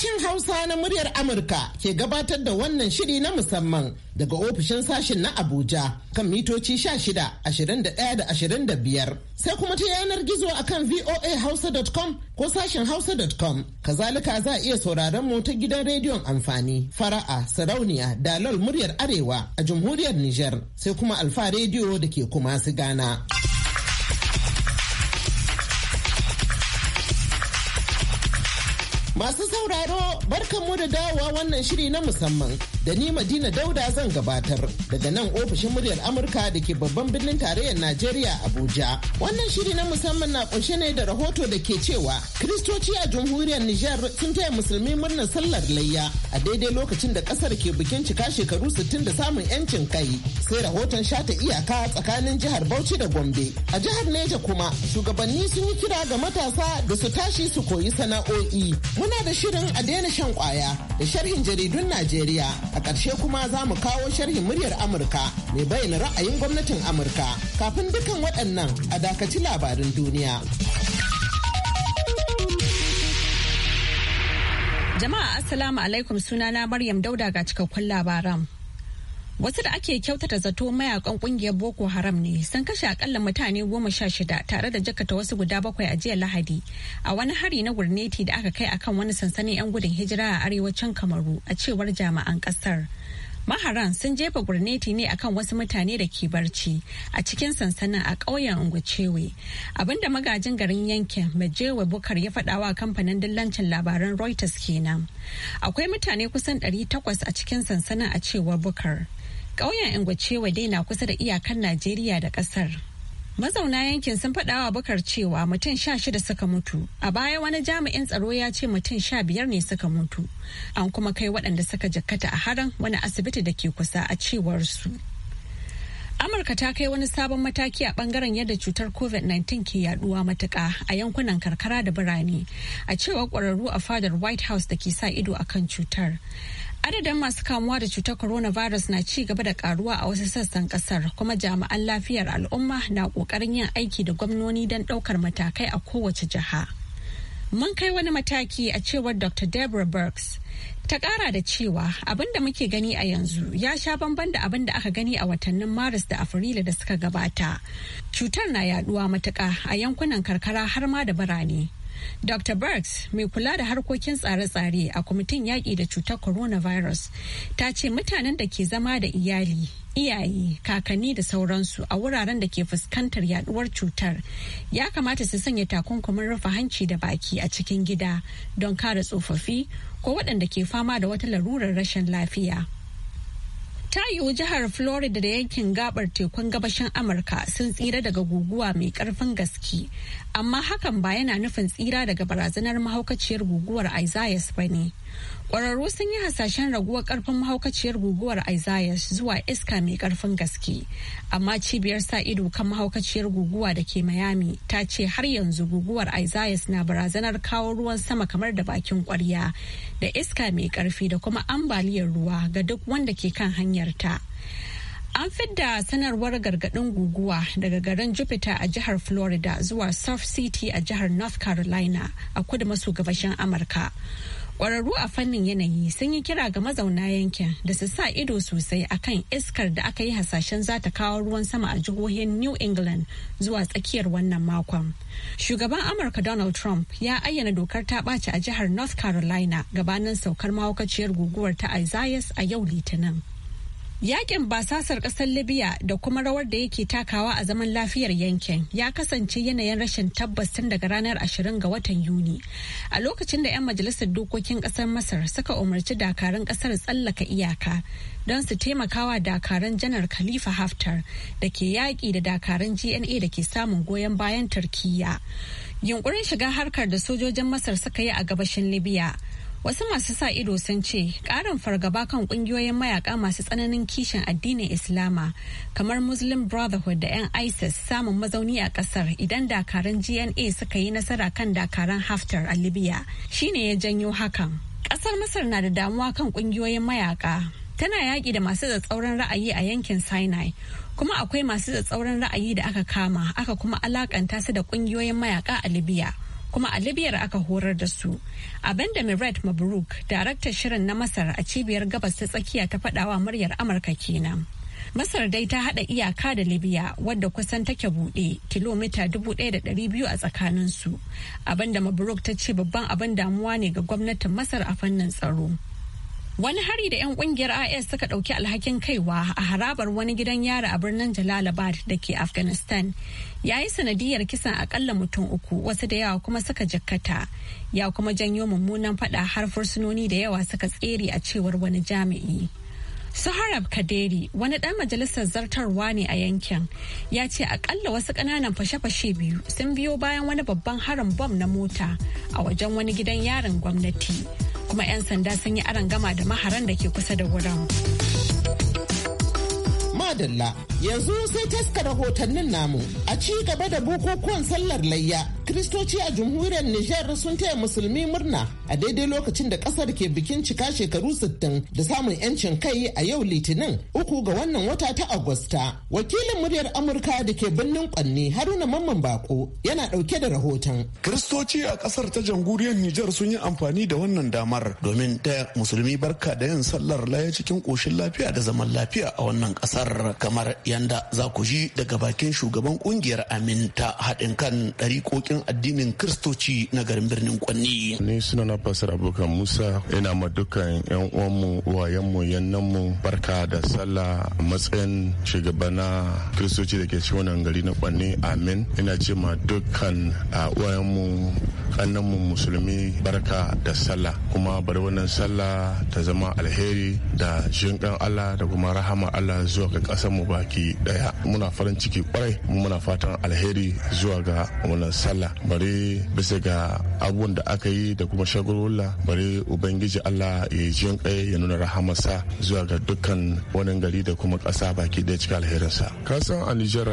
Sashen Hausa na muryar Amurka ke gabatar da wannan shiri na musamman daga ofishin sashen na Abuja kan mitoci shida ashirin da da da ashirin biyar Sai kuma ta yanar gizo a kan voahausa.com ko sashin hausa.com. Kazalika za a iya sauraron mu gidan rediyon amfani, fara'a, sarauniya, dalol muryar Arewa a jamhuriyar Nijar sai kuma Alfa rediyo da ke kuma su gana. Masu sauraro barkanmu da dawowa wannan shiri na musamman da ni Madina Dauda zan gabatar daga nan ofishin muryar Amurka da ke babban birnin tarayyar Najeriya Abuja. Wannan shiri na musamman na kunshe ne da rahoto da ke cewa Kiristoci a jamhuriyar Nijar sun taya musulmi murnar sallar layya a daidai lokacin da kasar ke bikin cika shekaru 60 da samun yancin kai. Sai rahoton shata iyaka tsakanin jihar Bauchi da Gombe. A jihar Neja kuma shugabanni sun yi kira ga matasa da su tashi su koyi sana'o'i. Muna da shirin a daina shan kwaya da sharhin jaridun Najeriya. A ƙarshe kuma za mu kawo sharhin muryar Amurka mai bayyana ra'ayin gwamnatin Amurka. Kafin dukan waɗannan a dakaci labarin duniya. Jama'a Assalamu alaikum sunana Maryam Dauda ga cikakkun labaran. Wasu da ake kyautata zato mayakan kungiyar Boko Haram ne sun kashe akalla mutane goma sha shida tare da jakata wasu guda bakwai a jiya Lahadi a wani hari na gurneti da aka kai akan wani sansanin 'yan gudun hijira a arewacin Kamaru a cewar jami'an kasar. maharan sun jefa gurneti ne akan wasu mutane da ke barci a cikin sansanin a ƙauyen ungucewe abinda magajin garin yankin majewa bukar ya faɗawa kamfanin dillancin labaran reuters kenan akwai mutane kusan 800 a cikin sansanin a cewar bukar ƙauyen ungucewe dai na kusa da iyakar najeriya da ƙasar mazauna yankin sun faɗawa bakar cewa mutum sha shida suka mutu a baya wani jami'in tsaro ya ce mutum sha biyar ne suka mutu an kuma kai waɗanda suka jakkata a haran wani asibiti da ke kusa a cewar su amurka ta kai wani sabon mataki a bangaren yadda cutar covid-19 ke yaduwa matuka a yankunan karkara da birane a cewar ƙwararru a fadar white house da ke sa ido akan cutar Adadin masu kamuwa da cutar coronavirus na ci gaba da karuwa a wasu sassan kasar kuma jami'an lafiyar al'umma na kokarin yin aiki da gwamnoni don daukar matakai a kowace jiha. Mun kai wani mataki a cewar Dr. Deborah Burks. Ta kara da cewa abin da muke gani a yanzu ya sha bamban da abin da aka gani a watannin Maris da Afrilu da suka gabata. Cutar na yaduwa matuka a yankunan karkara har ma da birane. Dr. Burks, mai kula da harkokin tsare-tsare a kwamitin yaƙi da cutar coronavirus, ta ce mutanen da ke zama da iyali, iyaye, kakanni da sauransu a wuraren da ke fuskantar yaduwar cutar ya kamata su sanya takunkumin rufe hanci da baki a cikin gida don kare tsofaffi ko waɗanda ke fama da wata larurar rashin lafiya. ta yiwu jihar florida da yankin gabar tekun gabashin amurka sun tsira daga guguwa mai karfin gaske amma hakan ba yana nufin tsira daga barazanar mahaukaciyar guguwar isaias ba ne Ƙwararru sun yi hasashen raguwar ƙarfin mahaukaciyar guguwar Isaias zuwa iska mai ƙarfin gaske, amma cibiyar sa ido kan mahaukaciyar guguwa da ke Miami ta ce har yanzu guguwar Isaias na barazanar kawo ruwan sama kamar da bakin ƙwarya da iska mai ƙarfi da kuma ambaliyar ruwa ga duk wanda ke kan hanyarta. An fidda sanarwar gargaɗin guguwa daga garin Jupiter a jihar Florida zuwa South City a jihar North Carolina a kudu maso gabashin Amurka. kwararru a fannin yanayi sun yi kira ga mazauna yankin da su sa ido sosai akan iskar da aka yi hasashen za ta kawo ruwan sama a jihohin New England zuwa tsakiyar wannan makon. Shugaban Amurka Donald Trump ya ayyana dokar ta ɓaci a jihar North Carolina gabanin saukar mahaukaciyar guguwar ta Isaias a yau Litinin. Yakin basasar ƙasar Libya da kuma rawar da yake takawa a zaman lafiyar yankin ya kasance yanayin rashin tabbas tun daga ranar ashirin ga watan Yuni. A lokacin da 'yan majalisar dokokin ƙasar Masar suka umarci dakarun ƙasar tsallaka iyaka don su taimakawa dakarun janar Khalifa Haftar da ke yaƙi da dakarun GNA da ke samun goyon bayan Turkiyya. Yunkurin shiga harkar da sojojin Masar suka yi a gabashin Libya. Wasu masu sa ido sun ce ƙarin fargaba kan ƙungiyoyin mayaka masu tsananin kishin addinin Islama kamar Muslim Brotherhood da 'yan ISIS samun mazauni a ƙasar idan dakaran GNA suka yi nasara kan dakaran Haftar a Libya shine ya janyo hakan. Ƙasar Masar na da damuwa kan ƙungiyoyin mayaka. Tana yaƙi da masu tsatsauran ra'ayi a yankin Sinai kuma akwai masu tsatsauran ra'ayi da aka kama aka kuma alakanta su da ƙungiyoyin mayaka a Libya. kuma a Libiyar aka horar da su abinda mirat mabruk daraktar shirin na masar a cibiyar gabas ta tsakiya ta faɗawa muryar amurka kenan masar dai ta haɗa iyaka da libya wadda kusan take buɗe kilomita 1,200 a tsakaninsu abinda mabruk ta ce babban abin damuwa ne ga gwamnatin masar a fannin tsaro Wani hari da 'yan kungiyar IS suka ɗauki alhakin kaiwa a harabar wani gidan yara a birnin Jalalabad da ke Afghanistan ya yi sanadiyar kisan akalla mutum uku wasu da yawa kuma suka jakkata ya kuma janyo mummunan fada har fursunoni da yawa suka tsere a cewar wani jami'i. Suharab Kaderi wani ɗan majalisar zartarwa ne a yankin ya ce akalla wasu ƙananan fashe-fashe biyu sun biyo bayan wani babban harin bom na mota a wajen wani gidan yarin gwamnati. kuma 'yan sanda sun yi aron gama da maharan da ke kusa da wurin. Madalla yanzu sai taska rahotannin namu a ci gaba da bukukuwan sallar layya Kiristoci a jamhuriyar Nijar sun taya musulmi murna a daidai lokacin da kasar ke bikin cika shekaru 60 da samun 'yancin kai a yau Litinin uku ga wannan wata ta Agusta. Wakilin muryar Amurka da ke birnin Kwanne Haruna Mamman Bako yana dauke da rahoton. Kiristoci a kasar ta jamhuriyar Nijar sun yi amfani da wannan damar domin taya musulmi barka da yin sallar laya cikin koshin lafiya da zaman lafiya a wannan kasar kamar yanda za ku ji daga bakin shugaban kungiyar Amin ta haɗin kan ɗariƙoƙin mabiyan addinin kristoci na garin birnin kwanni ni suna na fasar abokan musa ina ma dukkan yan uwanmu uwayenmu yannanmu barka da sallah matsayin na kristoci da ke ci wannan gari na kwanni amin ina ce ma dukkan uwayenmu kannanmu musulmi barka da sallah kuma bari wannan sallah ta zama alheri da jinkan allah da kuma rahama allah zuwa ga kasar mu baki daya muna farin ciki kwarai muna fatan alheri zuwa ga wannan sallah Bari bisa ga abubuwan da aka yi da kuma shagulwula bari ubangiji allah ya yi jin kai ya nuna rahamarsa zuwa ga dukkan wani gari da kuma ƙasa baki ɗaya cikin alherinsa kasan a nijar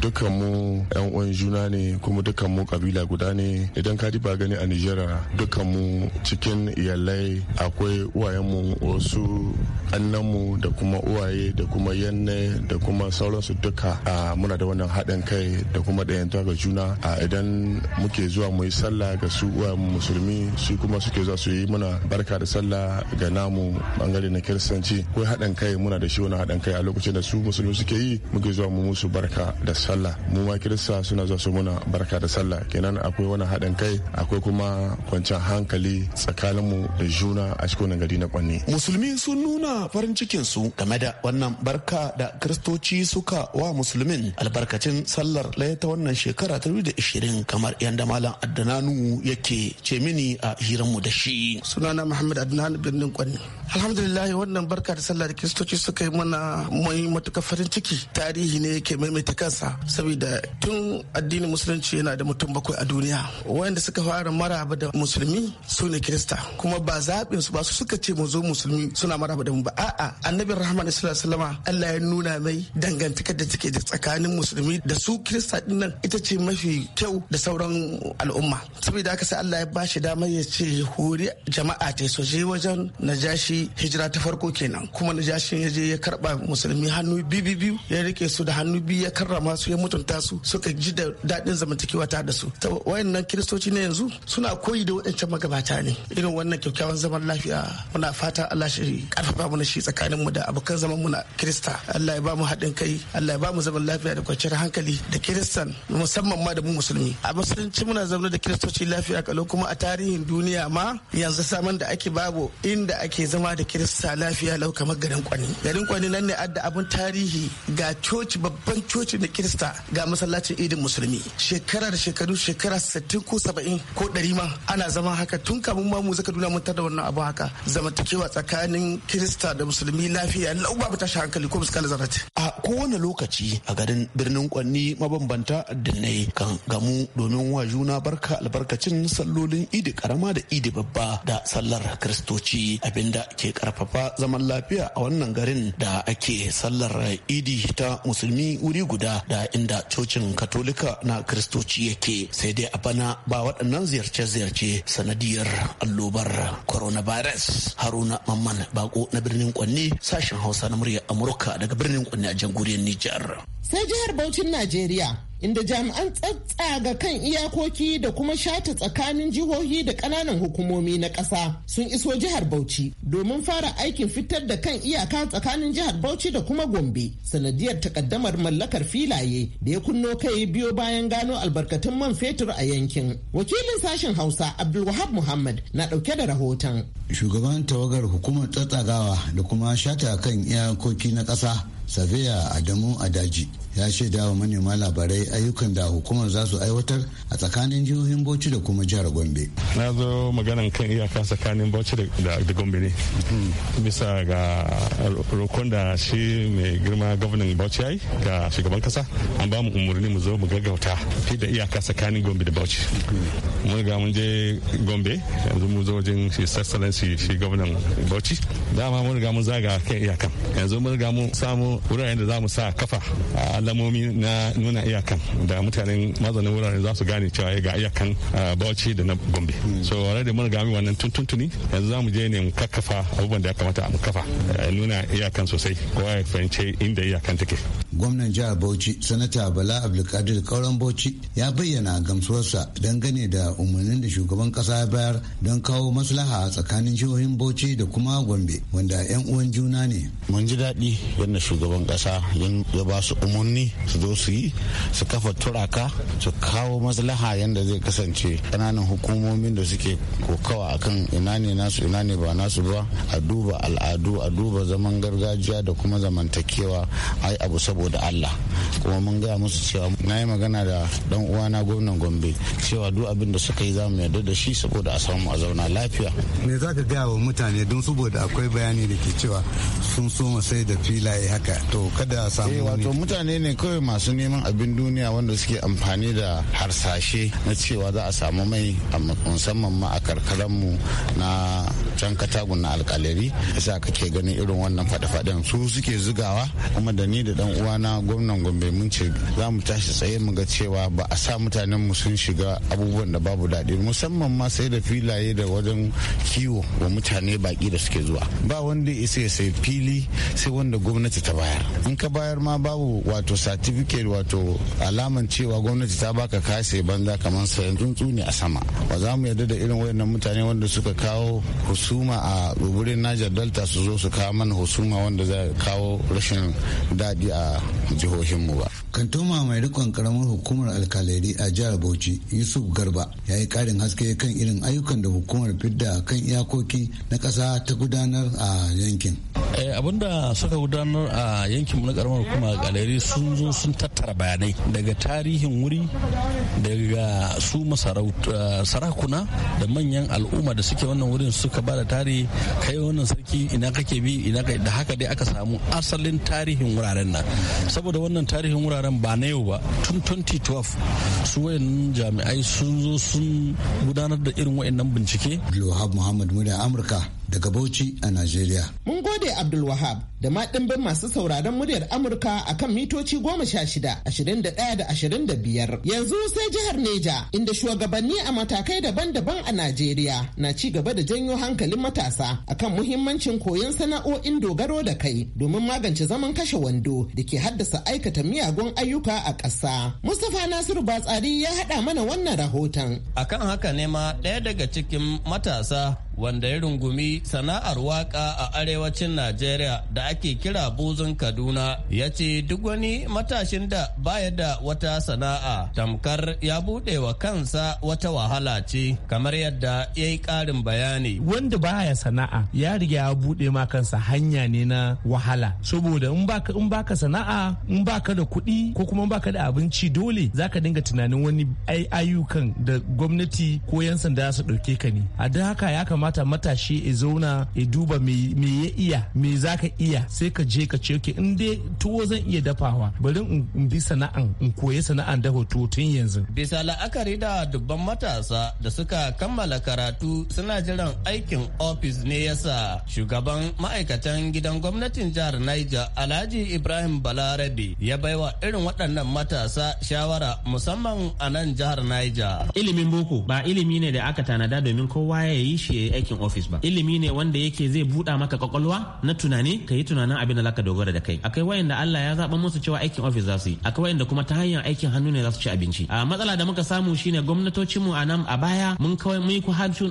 dukkan mu yan uwan juna ne kuma dukkan mu kabila guda ne idan ka ba gani a nijar dukkan mu cikin iyalai akwai mu wasu annan mu da kuma uwaye da kuma yanne da kuma sauransu duka muna da wannan haɗin kai da kuma ɗayan ga juna a idan muke zuwa mu yi sallah ga su musulmi su kuma suke zuwa su yi muna barka da sallah ga namu bangare na kiristanci ko haɗin kai muna da shi wani haɗin kai a lokacin da su musulmi suke yi muke zuwa mu musu barka da sallah mu ma kirista suna zuwa su muna barka da sallah kenan akwai wani haɗin kai akwai kuma kwanciyar hankali mu da juna a cikin gari na kwanne musulmi sun nuna farin cikin su game da wannan barka da kiristoci suka wa musulmin albarkacin sallar laya ta wannan shekara ta 2020 kamar kamar yan malam adnanu yake ce mini a mu da shi sunana muhammad adnan birnin kwanni alhamdulillah wannan barka da sallah da kristoci suka yi mana mai matuka farin ciki tarihi ne yake maimaita kansa saboda tun addinin musulunci yana da mutum bakwai a duniya wanda suka fara maraba da musulmi su ne kirista kuma ba zaɓin su ba su suka ce mu zo musulmi suna maraba da mu ba a'a annabi rahman sallallahu Allah ya nuna mai dangantakar da take da tsakanin musulmi da su kirista din ita ce mafi kyau da sauran al'umma saboda aka sai Allah ya ba shi damar ya ce hori jama'a ta so je wajen najashi hijira ta farko kenan kuma najashin ya je ya karba musulmi hannu bibi biyu ya rike su da hannu biyu ya karrama su ya mutunta su suka ji da daɗin zamantakewa ta da su wayannan kiristoci ne yanzu suna koyi da waɗancan magabata ne irin wannan kyakkyawan zaman lafiya muna fata Allah shi karfafa mu shi tsakanin mu da abokan zaman mu na kirista Allah ya ba mu haɗin kai Allah ya ba mu zaman lafiya da kwanciyar hankali da kiristan musamman ma da mu musulmi a musulunci muna zaune da kiristoci lafiya kalau kuma a tarihin duniya ma yanzu saman da ake babu inda ake zama da kirista lafiya lau kamar garin kwani garin kwani nan ne adda abun tarihi ga coci babban coci da kirista ga masallacin idin musulmi shekara da shekaru shekara 60 ko 70 ko 100 ma ana zama haka tun kamun ma mu zaka duna mun tada wannan abu haka zamantakewa tsakanin kirista da musulmi lafiya lau babu tashi hankali ko muskala zarati a kowane lokaci a garin birnin kwanni mabambanta da kan gamu domin wa juna barka albarkacin sallolin idi karama da idi babba da sallar kristoci abinda ke karfafa zaman lafiya a wannan garin da ake sallar idi ta musulmi wuri guda da inda cocin katolika na kristoci yake sai dai a bana ba waɗannan ziyarce-ziyarce sanadiyar allobar coronavirus haruna mamman bako na birnin kwanne sashen hausa na murya amurka daga birnin kwanne a jamhuriyar nijar sai jihar Bauchin Najeriya inda jami'an tsatsaga kan iyakoki da kuma shata tsakanin jihohi da kananan hukumomi na ƙasa sun iso jihar Bauchi domin fara aikin fitar da kan iyaka tsakanin jihar Bauchi da kuma Gombe sanadiyar takaddamar mallakar filaye da ya kunno kai biyo bayan gano albarkatun man fetur a yankin. Wakilin sashen Hausa Abdulwahab Muhammad na dauke da rahoton. Shugaban tawagar hukumar tsatsagawa da kuma shata kan iyakoki na ƙasa safiya adamu adaji ya shaida wa manema labarai ayyukan da hukumar za su aiwatar a tsakanin jihohin bauchi da kuma jihar gombe na zo maganan kan iyaka tsakanin bauchi da gombe ne bisa ga rokon da shi mai girma gwamnan bauchi ya yi ga shugaban kasa an ba mu umarni mu zo mu gaggauta fi da iyaka tsakanin gombe da bauchi mun ga mun je gombe yanzu mu zo wajen shi sassalan shi gwamnan bauchi dama mun ga mun zaga kan iyakan yanzu mun ga mun samu wuraren da za mu sa kafa alamomi na nuna iyakan da mutanen mazanin wuraren za su gane cewa eh, ga iyakan ah, bauchi da na gombe so ware da mun gami wannan tuntuntuni yanzu za mu je ne mu kakkafa abubuwan da ya kamata mu kafa eh, nuna iyakan sosai kowa ya fahimce inda iyakan take gwamnan jihar bauchi sanata bala abdulkadir kauran bauchi ya bayyana gamsuwarsa dangane da umarnin da shugaban kasa ya bayar don kawo maslaha tsakanin jihohin bauchi da kuma gombe wanda yan uwan juna ne mun ji daɗi yadda shugaban kasa ya ba su umarni gwamnoni su zo su yi su kafa turaka su kawo maslaha yadda zai kasance ƙananan hukumomin da suke kokawa akan ina ne nasu ina ne ba nasu ba a duba al'adu a duba zaman gargajiya da kuma zamantakewa ai abu saboda Allah kuma mun gaya musu cewa na yi magana da dan uwana gwamnan Gombe cewa duk abin da suka yi za mu yarda da shi saboda a samu a zauna lafiya me za ka gaya wa mutane don saboda akwai bayani da ke cewa sun so sai da filaye haka to kada a samu eh, wato mutane ne kawai masu neman abin duniya wanda suke amfani da harsashe na cewa za a samu mai musamman ma a mu na can katagun na alkalari yasa kake ganin irin wannan fada-fadan su suke zugawa kuma da ni da dan uwana gwamnan gombe mun ce za mu tashi tsaye mu ga cewa ba a sa mutanen mu sun shiga abubuwan da babu daɗi musamman ma sai da filaye da wajen kiwo wa mutane baki da suke zuwa ba wanda ya sai fili sai wanda gwamnati ta bayar in ka bayar ma babu wato wato certificate wato alaman cewa gwamnati ta baka kase banza kamar sayan tsuntsu ne a sama ba za mu yarda da irin wayannan mutane wanda suka kawo husuma a ruburin Niger Delta su zo su kawo mana husuma wanda za kawo rashin daɗi a jihohinmu ba. Kantoma mai rikon karamar hukumar alkalari a jihar Bauchi Yusuf Garba ya yi karin haske kan irin ayyukan da hukumar fidda kan iyakoki na kasa ta gudanar a yankin. Eh, abinda suka gudanar a yankin na karamar hukumar alkalari su sun zo sun tattara bayanai daga tarihin wuri daga su eh, sarakuna da manyan al'umma da suke wannan wurin suka ba da tarihi kai wannan sarki ina kake bi ina da haka dai aka samu asalin tarihin wuraren nan saboda wannan tarihin wuraren ba na yau ba tun 2012 su wayan jami'ai sun zo sun gudanar da irin wayannan bincike Abdulwahab Muhammad Muda Amurka daga Bauchi a Najeriya. Mun gode Abdulwahab da ma dimbin masu sauraron muryar Amurka a kan mitoci goma sha shida, ashirin da ɗaya da ashirin da biyar. Yanzu sai jihar Neja inda shugabanni a matakai daban-daban a Najeriya na ci gaba da janyo hankalin matasa akan muhimmancin koyon sana'o'in dogaro da kai domin magance zaman kashe wando da ke haddasa aikata miyagun ayyuka a ƙasa. Mustapha Nasiru Batsari ya haɗa mana wannan rahoton. Akan haka ne ma ɗaya daga cikin matasa wanda ya rungumi sana'ar waka a arewacin Najeriya da ake kira buzun Kaduna ya ce duk wani matashin da baya da wata sana'a tamkar ya buɗe wa kansa wata wahala ce kamar yadda ya yi ƙarin bayani. Wanda baya sana'a ya riga ya buɗe ma kansa hanya ne na wahala saboda in baka in baka sana'a in baka da kuɗi ko kuma baka da abinci dole zaka dinga tunanin wani ayyukan da gwamnati ko 'yan sanda su ɗauke ka ne. A don haka ya kamata kamata matashi ya zauna ya duba me ya iya me za iya sai ka je ka ce in dai tuwo zan iya dafawa bari in bi sana'an in koya sana'an dafa tuwo tun yanzu. bisa la'akari da dubban matasa da suka kammala karatu suna jiran aikin ofis ne yasa shugaban ma'aikatan gidan gwamnatin jihar niger alhaji ibrahim balarabe ya baiwa irin waɗannan matasa shawara musamman a nan jihar niger ilimin boko ba ilimi ne da aka tanada domin kowa ya yi shi aikin ofis ba ilimi ne wanda yake zai buɗa maka kwakwalwa na tunani ka yi tunanin abin da zaka dogara da kai akwai wayanda Allah ya zaɓa musu cewa aikin ofis za su yi akwai wayanda kuma ta hanyar aikin hannu ne za su ci abinci a matsala da muka samu shine mu a nan a baya mun kawai mun yi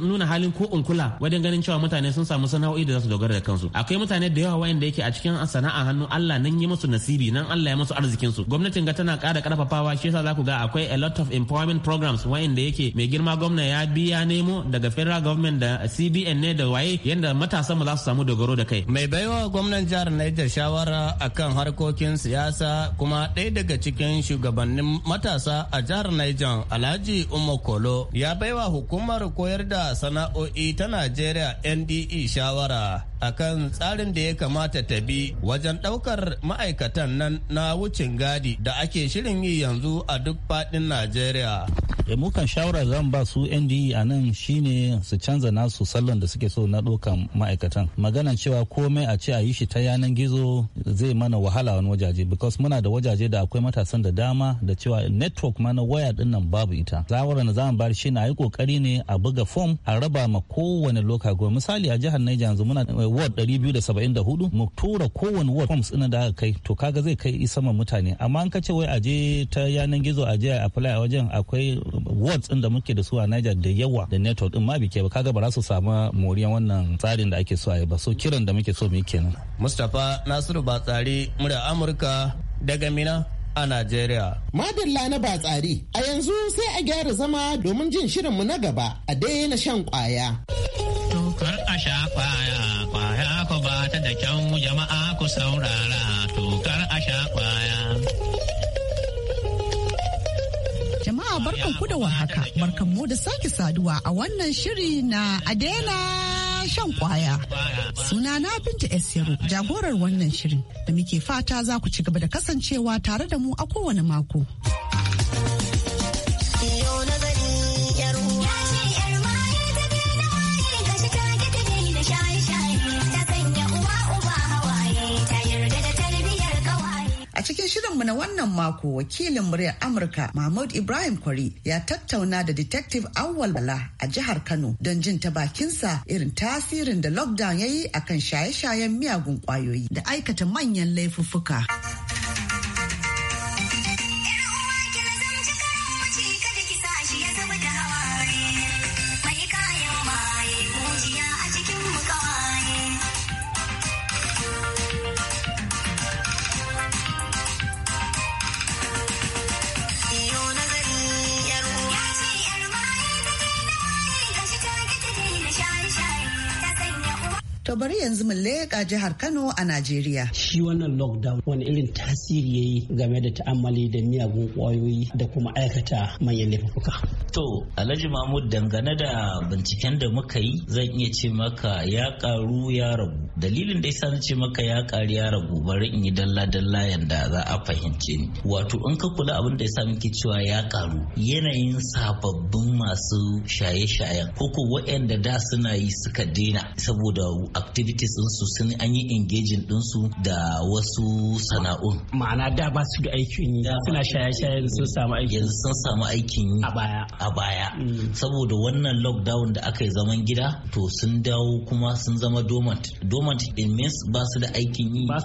nuna halin ko kula wajen ganin cewa mutane sun samu sana'o'i da za su dogara da kansu akwai mutane da yawa wayanda yake a cikin sana'a hannu Allah nan yi musu nasibi nan Allah ya musu arzikin su gwamnatin ga tana ƙara karfafawa shi yasa za ku ga akwai a lot of employment programs wayanda yake mai girma gwamna ya biya nemo daga federal government da cbn ne da waye yadda matasan mu za su samu dogaro da kai mai baiwa gwamnan jihar niger shawara akan harkokin siyasa kuma ɗaya daga cikin shugabannin matasa a jihar niger alhaji umar kolo ya baiwa hukumar koyar da sana'o'i ta najeriya nde shawara akan tsarin da ya kamata ta bi wajen ɗaukar ma'aikatan nan na wucin gadi da ake shirin yi yanzu a duk faɗin Najeriya. da eh, mukan shawara zan ba su NDE a nan shine su canza nasu sallan da suke so na ɗaukan ma'aikatan. Maganan cewa komai a ce a yi shi ta yanan gizo zai mana wahala wani wajaje because muna da wajaje da akwai matasan da dama da cewa network mana waya din nan babu ita. Shawaran da zan bayar shine a yi kokari ne a buga form a raba ma kowane loka misali a jihar Niger yanzu muna eh, ward 274 mu tura kowane ward forms ɗin da aka kai to kaga zai kai sama mutane amma an kace wai aje ta yanan gizo aje a apply a wajen akwai wards ɗin da muke da su a Niger da yawa da network ɗin ma bike ba kaga ba za su samu moriyan wannan tsarin da ake so a yi ba so kiran da muke so mu yi kenan. Mustapha Nasiru Batsari mura Amurka daga Mina a Najeriya. Madalla na ba tsari, a yanzu sai a gyara zama domin jin shirinmu na gaba a daina shan kwaya. Tukar a sha kwaya. saurara tokar a sha kwaya. Jama'a barkan ku da warhaka, barkan mu da sake saduwa a wannan shiri na Adela shan kwaya. Suna na Binta Esiru jagorar wannan shiri da muke fata za ku ci gaba da kasancewa tare da mu a kowane mako. cikin shirinmu na wannan mako wakilin muryar Amurka Mahmud Ibrahim Kwari ya tattauna da Detective Awwal Bala a jihar Kano don jin ta bakinsa irin tasirin da lockdown ya yi akan shaye-shayen miyagun kwayoyi da aikata manyan laifuffuka. To bari yanzu mu leƙa jihar Kano a Najeriya. Shi wannan lockdown wani irin tasiri ya game da ta'ammali da miyagun ƙwayoyi da kuma aikata manyan laifuka. To Alhaji Mahmud dangane da binciken da muka yi zan iya ce maka ya karu ya ragu. Dalilin da yasa ce maka ya karu ya ragu bari in yi dalla-dalla yanda za a fahimce ni. Wato in ka kula abin da yasa muke cewa ya karu yanayin sababbin masu shaye-shayen ko ko waɗanda da suna yi suka daina saboda activities su sun an yi engaging ɗinsu da wasu sana'un. Ma'ana da ba su da aikin yi suna shaye shaya sun samu aikin yanzu sun samu aikin yi a baya. A baya. Mm. Saboda wannan lockdown da aka yi zaman gida to sun dawo kuma sun zama dormant. Dormant it means ba su da aikin yi ba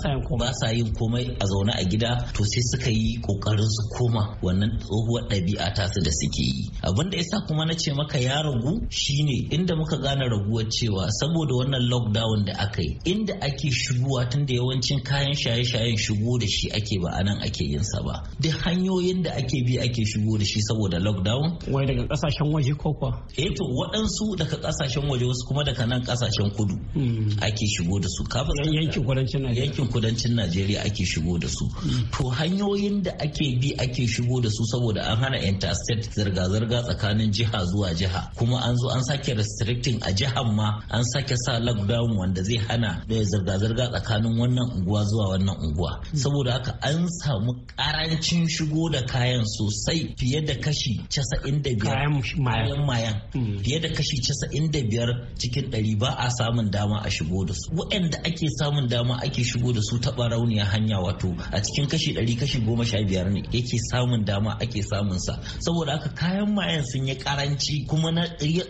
sa yin komai a zaune a gida to sai suka yi kokarin su koma wannan tsohuwar ɗabi'a ta su da suke yi. Abin da yasa kuma na ce maka ya ragu shine inda muka gane raguwar cewa saboda wannan lockdown lockdown da aka yi inda ake shigowa tun da yawancin kayan shaye-shayen shigo da shi ake ba anan ake yin sa ba duk hanyoyin da ake bi ake shigo da shi saboda lockdown wai daga kasashen waje ko kwa eh to waɗansu daga kasashen waje wasu kuma daga nan kasashen kudu hmm. ake shigo da su kafin yankin kudancin Najeriya yankin kudancin Najeriya ake shigo da su hmm. to hanyoyin da ake bi ake shigo da su saboda an hana interstate zirga-zirga tsakanin jiha zuwa jiha kuma an zo an sake restricting a jihar ma an sake sa lockdown samu wanda zai hana da zirga-zirga tsakanin wannan unguwa zuwa wannan unguwa saboda haka an samu karancin shigo da kayan sosai fiye da kashi 95 kayan mayan hmm. fiye da kashi 95 cikin ɗari ba a samun dama a shigo da su waɗanda ake samun dama ake shigo da su ta rauniya hanya wato a cikin kashi ɗari kashi goma sha biyar ne yake samun dama ake samun sa saboda haka kayan mayan sun yi karanci kuma na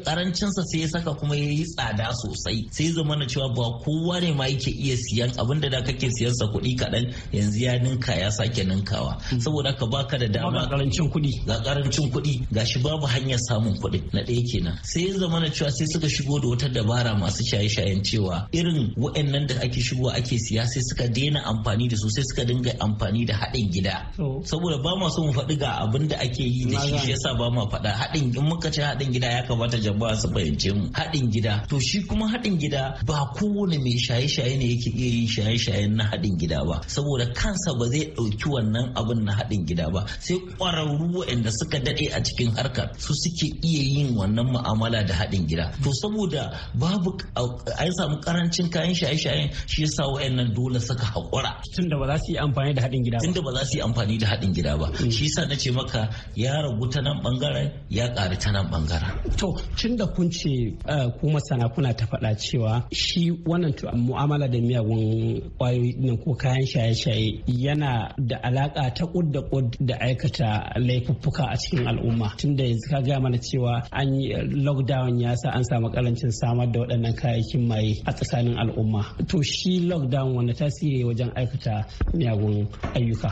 karancinsa sai ya saka kuma ya yi tsada sosai sai zama nuna cewa ba kowa ne ma yake iya siyan abin da da kake siyan sa kuɗi kaɗan yanzu ya ninka ya sake ninkawa hmm. saboda ka baka da dama ga karancin kuɗi ga karancin kuɗi gashi babu hanyar samun kuɗi na ɗaya kenan sai ya zama na cewa sai suka shigo da wata dabara masu shaye-shayen cewa irin wa'annan da ake shigo ake siya sai suka daina amfani da su sai suka dinga amfani da haɗin gida saboda ba ma so mu faɗi ga abin da ake yi da shi yasa ba ma faɗa haɗin in muka ce haɗin gida ya kamata jama'a su fahimce mu haɗin gida to shi kuma haɗin gida ba ba kowane mai shaye-shaye ne yake iya yin shaye-shayen na haɗin gida ba saboda kansa ba zai ɗauki wannan abin na haɗin gida ba sai ƙwararru waɗanda suka daɗe a cikin harkar su suke iya yin wannan mu'amala da haɗin gida to saboda babu an samu karancin kayan shaye-shayen shi yasa waɗannan dole suka haƙura tunda ba za su yi amfani da haɗin gida ba tunda ba za su yi amfani da haɗin gida ba mm. shi yasa na ce maka ya ragu ta nan bangaren ya ƙari ta nan bangaren to tunda kun ce eh, ku masana kuna ta faɗa cewa shi wannan mu'amala da miyagun kwayoyi ko kayan shaye-shaye yana da alaka ta kud da kud da aikata laifuffuka a cikin al'umma tunda yanzu ka gaya mana cewa an yi lockdown ya sa an samu karancin samar da waɗannan kayayyakin maye a tsakanin al'umma to shi lockdown wanda tasiri wajen aikata miyagun ayyuka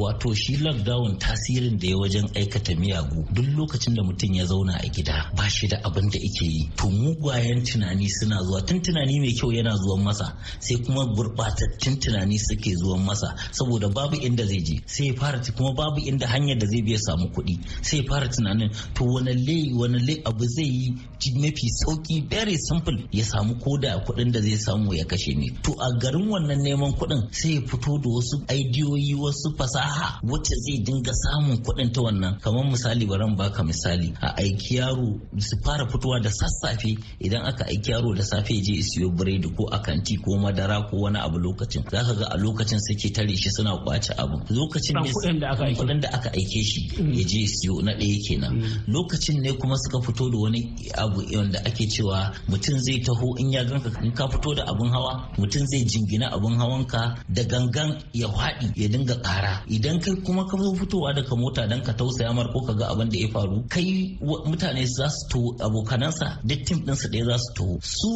wato shi lockdown tasirin da ya wajen aikata miyagu duk lokacin da mutum ya zauna a gida ba shi da abin da yake yi to mugwayen tunani suna zuwa tun tunani tunani mai kyau yana zuwan masa sai kuma gurɓatattun tunani suke zuwan masa saboda babu inda zai je sai fara kuma babu inda hanyar da zai biya samu kuɗi sai fara tunanin to wani lai wani lai abu zai yi mafi sauki very simple ya samu koda kuɗin da zai samu ya kashe ne to a garin wannan neman kuɗin sai ya fito da wasu aidiyoyi wasu fasaha wacce zai dinga samun kuɗin ta wannan kamar misali baran baka misali a aiki yaro su fara fitowa da sassafe idan aka aiki yaro da safe je siyo biredi ko a kanti ko madara ko wani abu lokacin za ka ga a lokacin suke tare shi suna kwace abu lokacin ne da aka aike shi mm. ya je siyo na ɗaya kenan mm. lokacin ne kuma suka fito da wani abu wanda ake cewa mutum zai taho in ya ganka in ka fito da abun hawa mutum zai jingina abun hawan ka da gangan ya haɗi ya dinga ƙara idan kai kuma ka zo fitowa daga mota dan ka tausaya mar ko ka ga abin da ya faru kai mutane za su to abokanansa duk tim ɗinsu ɗaya za su to su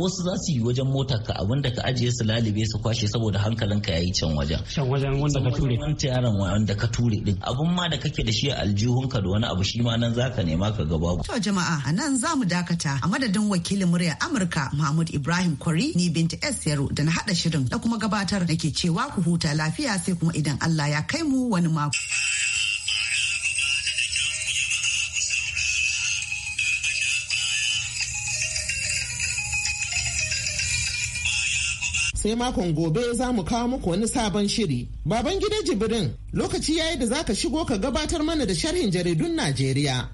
wasu wasu za su yi wajen motar ka abinda ka ajiye su lalibe su kwashe saboda hankalinka yayi can wajen can wajen wanda ka ture yaran wanda ka ture din abun ma da kake da shi a aljihunka da wani abu shi ma nan zaka nema ka ga babu to jama'a a nan za mu dakata a madadin wakilin muryar Amurka Mahmud Ibrahim Kwari ni Binta S Yaro da na hada shirin da kuma gabatar nake cewa ku huta lafiya sai kuma idan Allah ya kai mu wani mako sai makon gobe za mu kawo muku wani sabon shiri. Baban gida jibirin lokaci yayi da za ka shigo ka gabatar mana da sharhin jaridun Najeriya.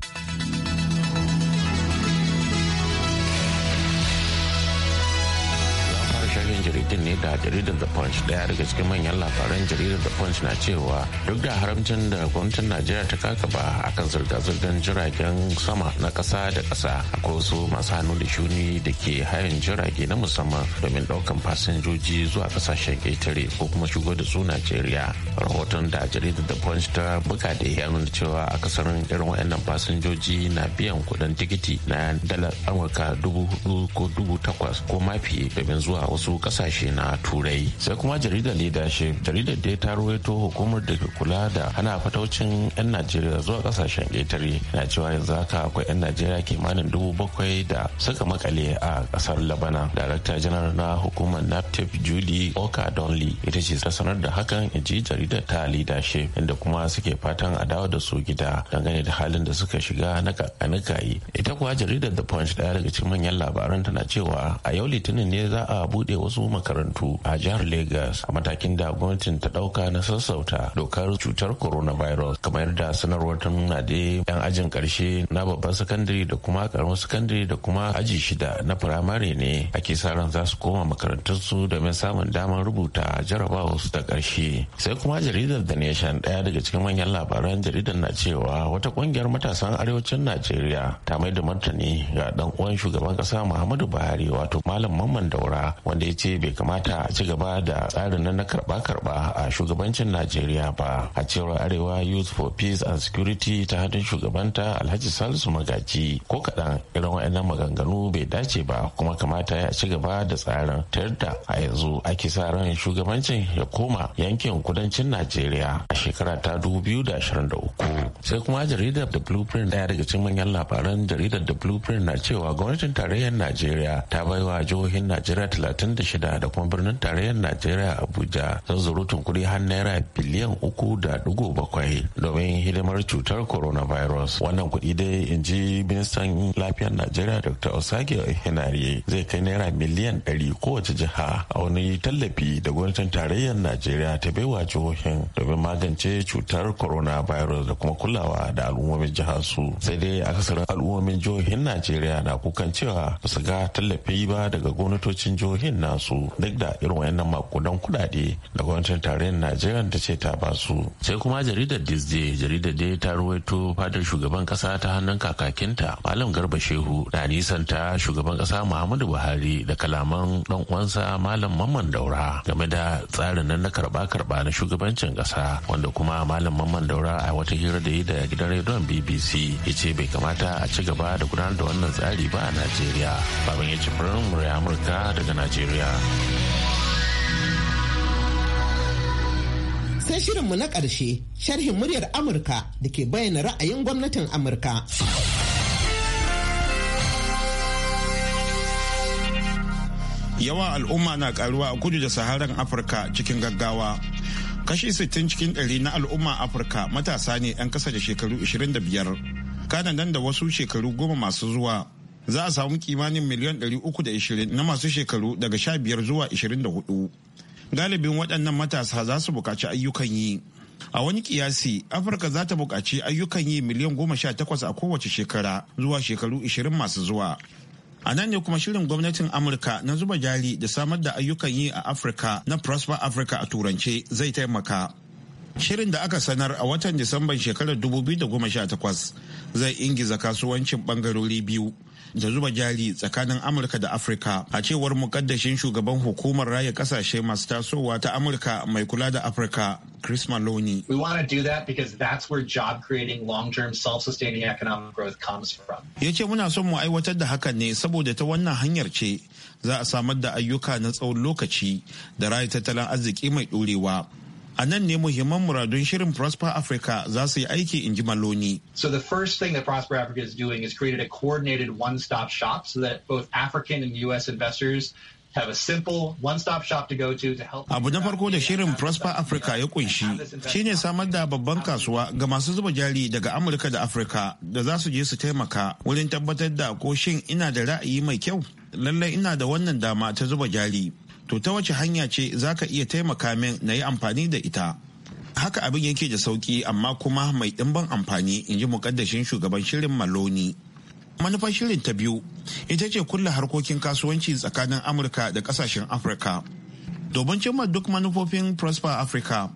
jaridar the punch daya daga cikin manyan labaran jaridar the punch na cewa duk da haramcin da gwamnatin najeriya ta kakaba a kan zirga-zirgar jiragen sama na kasa da kasa akwai wasu masu hannu da shuni da ke hayan jirage na musamman domin daukan fasinjoji zuwa kasashen ƙetare ko kuma shigo da su najeriya rahoton da jaridar the punch ta buga da ya nuna cewa akasarin irin waɗannan fasinjoji na biyan kuɗin tikiti na dalar amurka dubu hudu ko dubu takwas ko mafi domin zuwa wasu ƙasashe na turai sai kuma jaridar shi jaridar da ya ta ruwaito hukumar da ke kula da hana fataucin 'yan najeriya zuwa kasashen ƙetare na cewa yanzu haka akwai 'yan najeriya kimanin dubu bakwai da suka makale a ƙasar labana darakta janar na hukumar naptip julie oka donley ita ce ta sanar da hakan in ji jaridar ta shi inda kuma suke fatan a dawo da su gida dangane da halin da suka shiga na kakanikayi ita kuwa jaridar the punch daya daga cikin manyan labaran tana cewa a yau litinin ne za a bude wasu makarantu a jihar Legas a matakin da gwamnatin ta dauka na sassauta dokar cutar coronavirus kamar da sanarwar ta nuna da yan ajin karshe na babban sakandare da kuma karamin sakandare da kuma aji shida na firamare ne ake sa ran za su koma makarantunsu domin samun damar rubuta jarabawarsu da karshe sai kuma jaridar the nation daya daga cikin manyan labaran jaridar na cewa wata kungiyar matasan arewacin najeriya ta mai da martani ga dan uwan shugaban kasa muhammadu buhari wato malam mamman daura wanda ya ce bai kamata a ci gaba da tsarin nan na karba-karba a shugabancin najeriya ba a cewar arewa youth for peace and security ta hadin shugabanta alhaji salisu magaji ko kaɗan irin wa'annan maganganu bai dace ba kuma kamata ya ci gaba da tsarin ta yadda a yanzu ake sa ran shugabancin ya koma yankin kudancin najeriya a shekara ta 2023 sai kuma jaridar the blueprint daya daga cikin manyan labaran jaridar da blueprint na cewa gwamnatin tarayyar najeriya ta baiwa jihohin najeriya 36 da kuma birnin birnin tarayyar najeriya abuja zunzurutun kuɗi har naira biliyan uku da dugu bakwai domin hidimar cutar coronavirus wannan kuɗi dai in ji ministan lafiyar najeriya dr osage henari zai kai naira miliyan ɗari kowace jiha a wani tallafi da gwamnatin tarayyar najeriya ta baiwa jihohin domin magance cutar coronavirus da kuma kulawa da al'ummomin jihar su sai dai akasarin al'ummomin jihohin najeriya na kukan cewa ba su ga tallafi ba daga gwamnatocin jihohin nasu duk da irin wayannan makudan kudade da gwamnatin tarayyar najeriya ta ce ta ba su sai kuma jaridar disney jaridar dai ta ruwaito fadar shugaban kasa ta hannun kakakinta malam garba shehu na nisanta shugaban kasa muhammadu buhari da kalaman dan uwansa malam mamman daura game da tsarin nan na karba karba na shugabancin kasa wanda kuma malam mamman daura a wata hira da yi da gidan rediyon bbc ya ce bai kamata a ci gaba da gudanar da wannan tsari ba a najeriya baban ya ci murya amurka daga najeriya sai shirinmu na ƙarshe sharhin muryar amurka da ke bayyana ra'ayin gwamnatin amurka yawa al'umma na karuwa a kudu da saharan afirka cikin gaggawa kashi 60 cikin 100 na al'umma afirka matasa ne 'yan kasa da shekaru 25 kana nan da wasu shekaru goma masu zuwa za a samu kimanin miliyan 320 na masu shekaru daga 15 zuwa 24 galibin waɗannan matasa za su buƙaci ayyukan yi a wani kiyasi afirka za ta buƙaci ayyukan yi miliyan goma sha takwas a kowace shekara zuwa shekaru ishirin masu zuwa a nan ne kuma shirin gwamnatin amurka na zuba jari da samar da ayyukan yi a afirka na prosper africa a turance zai taimaka shirin da aka sanar a watan disamban shekarar 2018 zai ingiza kasuwancin bangarori biyu da zuba jari tsakanin amurka da afirka a cewar mukaddashin shugaban hukumar raya kasashe masu tasowa ta amurka mai kula da afirka chris maloney we want to do that because that's where job creating long-term self-sustaining economic growth comes from ya muna son mu aiwatar da hakan ne saboda ta wannan hanyar ce za a samar da ayyuka na tsawon lokaci da raya tattalin arziki mai dorewa. A nan ne muhimman muradun shirin Prosper Africa za su yi aiki in ji Maloni. So the first thing that Prosper Africa is doing is created a coordinated one-stop shop so that both African and U.S. investors have shop go Abu na farko da shirin Prosper Africa ya kunshi shine samar da babban kasuwa ga masu zuba jari daga Amurka da Afirka da za su je su taimaka wurin tabbatar da ko shin ina da ra'ayi mai kyau lallai ina da wannan dama ta zuba jari. to ta wace hanya ce za ka iya taimaka min na yi amfani da ita haka abin yake da sauki amma kuma mai ɗimban amfani in ji mukaddashin shugaban shirin maloni Manufan shirin ta biyu ita ce kulle harkokin kasuwanci tsakanin amurka da kasashen afirka domin cimma duk manufofin prosper africa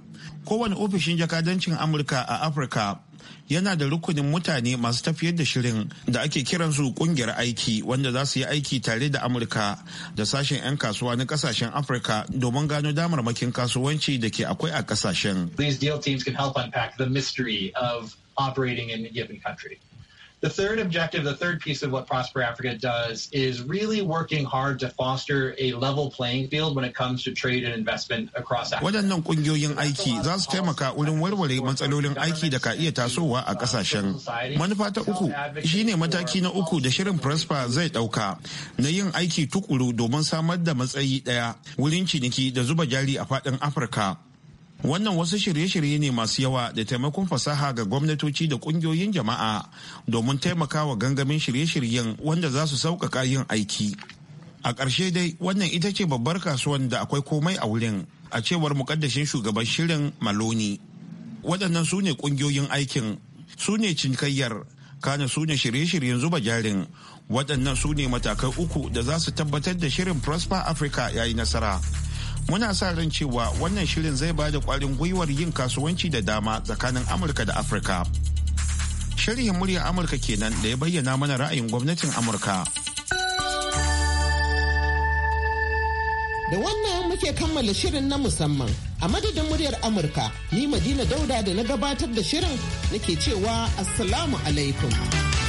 kowane ofishin jakadancin amurka a afirka yana da rukunin mutane masu tafiyar da shirin da ake kiransu kungiyar aiki wanda za su yi aiki tare da amurka da sashen 'yan kasuwa na kasashen afirka domin gano damarmakin kasuwanci da ke akwai a kasashen. These deal teams can help unpack the mystery of operating in a given country. The third objective, the third piece of what Prosper Africa does is really working hard to foster a level playing field when it comes to trade and investment across Africa. Waɗannan ƙungiyoyin aiki za su taimaka wurin warware matsalolin aiki da ka iya tasowa a ƙasashen. Uh, Manufa ta uku shine mataki na uku da shirin Prosper zai ɗauka na yin aiki tukuru domin samar da matsayi ɗaya wurin ciniki da zuba jari a faɗin Afirka. Wannan wasu shirye-shirye ne masu yawa da taimakon fasaha ga gwamnatoci da kungiyoyin jama'a domin taimakawa gangamin shirye-shiryen wanda za su sauƙaƙa yin aiki. A ƙarshe dai wannan ita ce babbar kasuwan da akwai komai a wurin a cewar muƙaddashin shugaban shirin Maloni. Waɗannan su ne ƙungiyoyin aikin, su ne cinkayyar, kana su ne shirye-shiryen zuba jarin. Waɗannan su ne matakai uku da za su tabbatar da shirin Prosper Africa ya yi nasara. muna sa ran cewa wannan shirin zai ba da kwarin gwiwar yin kasuwanci da dama tsakanin amurka da afirka sharhin muryar amurka kenan da ya bayyana mana ra'ayin gwamnatin amurka da wannan muke kammala shirin na musamman a madadin muryar amurka ni madina dauda da na gabatar da shirin nake cewa assalamu alaikum